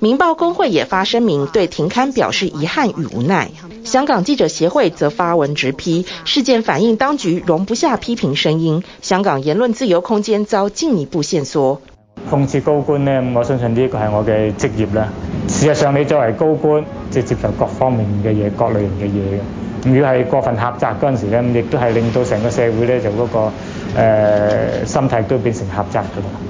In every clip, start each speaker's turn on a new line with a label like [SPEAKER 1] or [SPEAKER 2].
[SPEAKER 1] 《明報》工會也發聲明，對停刊表示遺憾與無奈。香港記者協會則發文直批事件，反映當局容不下批評聲音，香港言論自由空間遭進一步限縮。諷刺高
[SPEAKER 2] 官呢？我相信呢一個係我嘅職業啦。事實上，你作為高官，就接受各方面嘅嘢，各類型嘅嘢嘅。如果係過分狹窄嗰陣時咧，亦都係令到成個社會咧、那個，就嗰個誒心態都變成狹窄噶啦。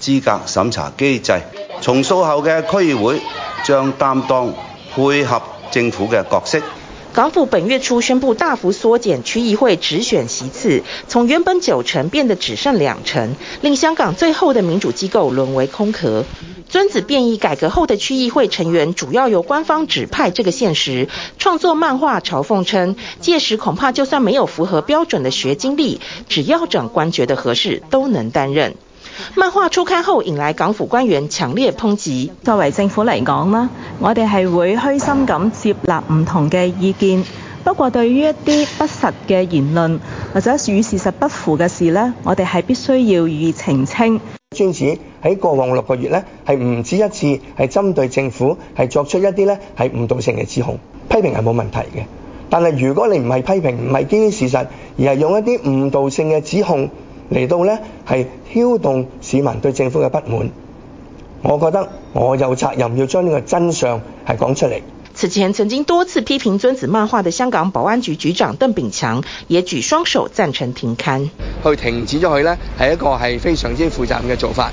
[SPEAKER 3] 資格審查機制，重塑後嘅區議會將擔當配合政府嘅角色。
[SPEAKER 1] 港府本月初宣布大幅縮減區議會直選席次，從原本九成變得只剩兩成，令香港最後的民主機構淪為空殼。尊子便以改革後的區議會成員主要由官方指派，這個現實，創作漫畫嘲諷稱，屆時恐怕就算沒有符合標準的學經歷，只要長官覺得合適，都能擔任。漫畫初刊後引來港府官員強烈通抨，作為政府嚟講啦，我哋係會虛心咁接納唔同嘅意見。不過，對於一啲不實嘅言論或者與事實不符嘅事呢，我哋係必須要予以澄清。尊子喺過往六個月呢，係唔止一次
[SPEAKER 3] 係針對政府係作出一啲呢係誤導性嘅指控、批評係冇問題嘅。但係如果你唔係批評，唔係基於事實，而係用一啲誤導性嘅指控。嚟到呢，係挑動市民對政府嘅不滿，我覺得我有責任要將呢個真相係講出嚟。
[SPEAKER 1] 此前曾經多次批評《尊子漫畫》嘅香港保安局局長鄧炳強也舉雙手贊成停刊，
[SPEAKER 3] 佢停止
[SPEAKER 1] 咗佢呢，係一個係非常之負責任嘅做法。